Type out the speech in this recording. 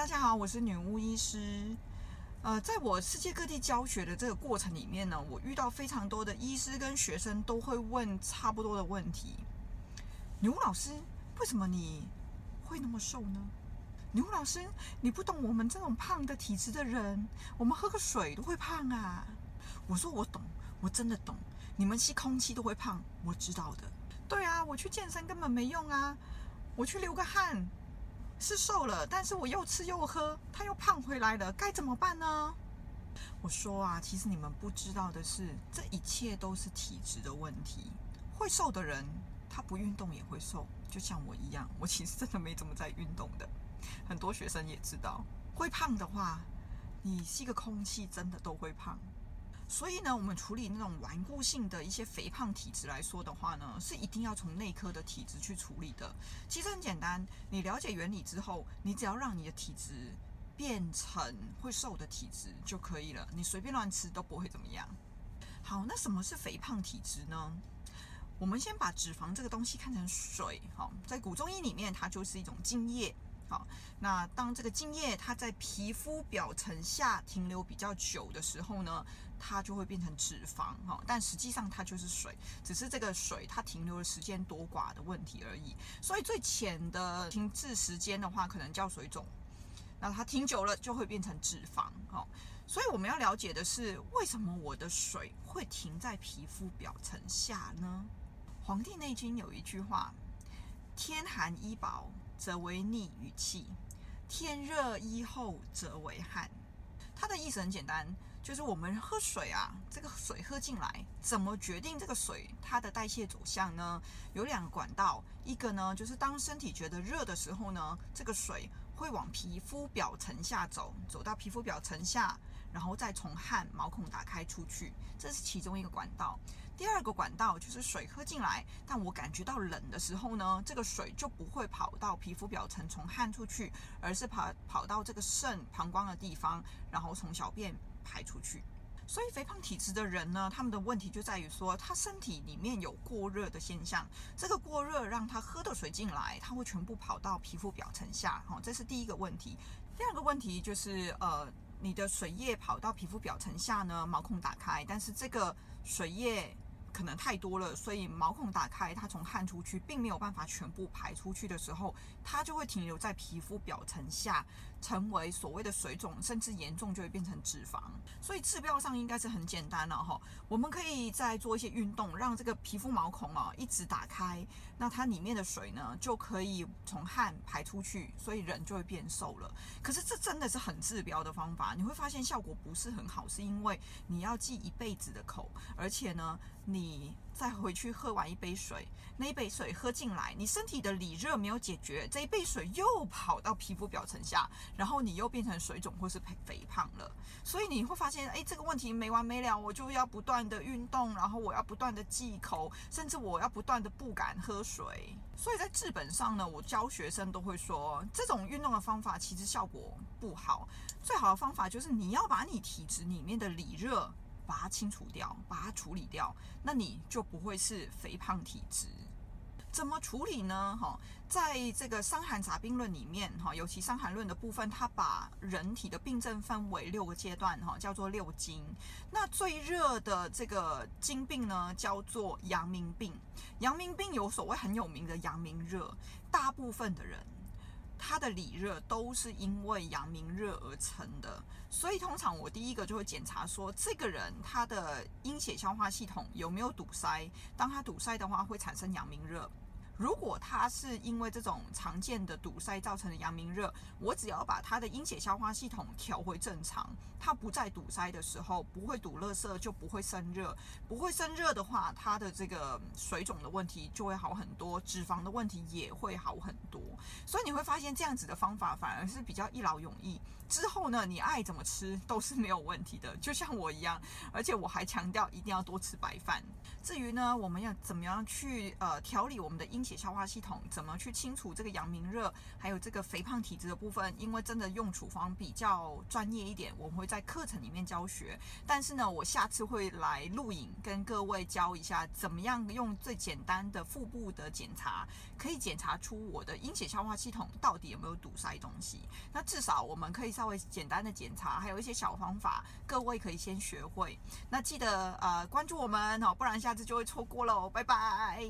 大家好，我是女巫醫師。呃，在我世界各地教學的這個過程裡面呢，我遇到非常多的醫師跟學生都會問差不多的問題。女巫老師，為什麼你會那麼瘦呢？女巫老師，你不懂我們這種胖的體質的人，我們喝個水都會胖啊。我說我懂，我真的懂。你們吸空氣都會胖，我知道的。對啊，我去健身根本沒用啊，我去流個汗。是瘦了，但是我又吃又喝，他又胖回來了，該怎麼辦呢？我說啊，其實你們不知道的是，這一切都是體質的問題。會瘦的人，他不運動也會瘦，就像我一樣，我其實真的沒怎麼在運動的。很多學生也知道，會胖的話，你吸個空氣，真的都會胖。所以呢，我們處理那種頑固性的一些肥胖體質來說的話呢，是一定要從內科的體質去處理的。其實很簡單，你了解原理之後，你只要讓你的體質變成會瘦的體質就可以了，你隨便亂吃都不會怎麼樣。好，那什麼是肥胖體質呢？我們先把脂肪這個東西看成水，哈，在古中醫裡面它就是一種津液。好，那當這個津液它在皮膚表層下停留比較久的時候呢，它就會變成脂肪哈。但實際上它就是水，只是這個水它停留的時間多寡的問題而已。所以最淺的停滯時間的話，可能叫水腫。那它停久了就會變成脂肪。所以我們要了解的是，為什麼我的水會停在皮膚表層下呢？《黃帝內經》有一句話。天寒衣薄則為溺與氣，天熱衣厚則為汗。它的意思很簡單，就是我們喝水啊，這個水喝進來，怎麼決定這個水它的代謝走向呢？有兩個管道，一個呢就是當身體覺得熱的時候呢，這個水會往皮膚表層下走，走到皮膚表層下，然後再從汗毛孔打開出去，這是其中一個管道。第二個管道就是水喝進來，但我感覺到冷的時候呢，這個水就不會跑到皮膚表層從汗出去，而是跑跑到這個腎膀胱的地方，然後從小便排出去。所以肥胖體質的人呢，他們的問題就在於說，他身體裡面有過熱的現象，這個過熱讓他喝的水進來，他會全部跑到皮膚表層下，哦，這是第一個問題。第二個問題就是，呃，你的水液跑到皮膚表層下呢，毛孔打開，但是這個水液。可能太多了，所以毛孔打開，它從汗出去，並沒有辦法全部排出去的時候，它就會停留在皮膚表層下，成為所謂的水腫，甚至嚴重就會變成脂肪。所以治標上應該是很簡單了，啊、哈。我們可以再做一些運動，讓這個皮膚毛孔啊一直打開，那它裡面的水呢就可以從汗排出去，所以人就會變瘦了。可是這真的是很治標的方法，你會發現效果不是很好，是因為你要忌一輩子的口，而且呢你你再回去喝完一杯水，那一杯水喝進來，你身體的裡熱沒有解決，這一杯水又跑到皮膚表層下，然後你又變成水腫或是肥胖了。所以你會發現，誒，這個問題沒完沒了，我就要不斷的運動，然後我要不斷的忌口，甚至我要不斷的不敢喝水。所以在治本上呢，我教學生都會說，這種運動的方法其實效果不好，最好的方法就是你要把你體質裡面的裡熱。把它清除掉，把它處理掉，那你就不會是肥胖體質。怎麼處理呢？哈，在這個《傷寒雜病論》裡面，哈，尤其《傷寒論》的部分，它把人體的病症分為六個階段，哈，叫做六經。那最熱的這個經病呢，叫做陽明病。陽明病有所謂很有名的陽明熱，大部分的人。他的裡熱都是因為陽明熱而成的，所以通常我第一個就會檢查說，這個人他的陰血消化系統有沒有堵塞？當他堵塞的話，會產生陽明熱。如果它是因為這種常見的堵塞造成的陽明熱，我只要把它的陰血消化系統調回正常，它不再堵塞的時候，不會堵垃圾，就不會生熱。不會生熱的話，它的這個水腫的問題就會好很多，脂肪的問題也會好很多。所以你會發現這樣子的方法反而是比較一勞永逸。之後呢，你愛怎麼吃都是沒有問題的，就像我一樣。而且我還強調一定要多吃白飯。至於呢，我們要怎麼樣去呃調理我們的陰血。解消化系統怎麼去清除這個陽明熱，還有這個肥胖體質的部分，因為真的用處方比較專業一點，我們會在課程裡面教學。但是呢，我下次會來錄影跟各位教一下，怎麼樣用最簡單的腹部的檢查，可以檢查出我的陰血消化系統到底有沒有堵塞東西？那至少我們可以稍微簡單的檢查，還有一些小方法，各位可以先學會。那記得呃關注我們哦，不然下次就會錯過嘍。拜拜。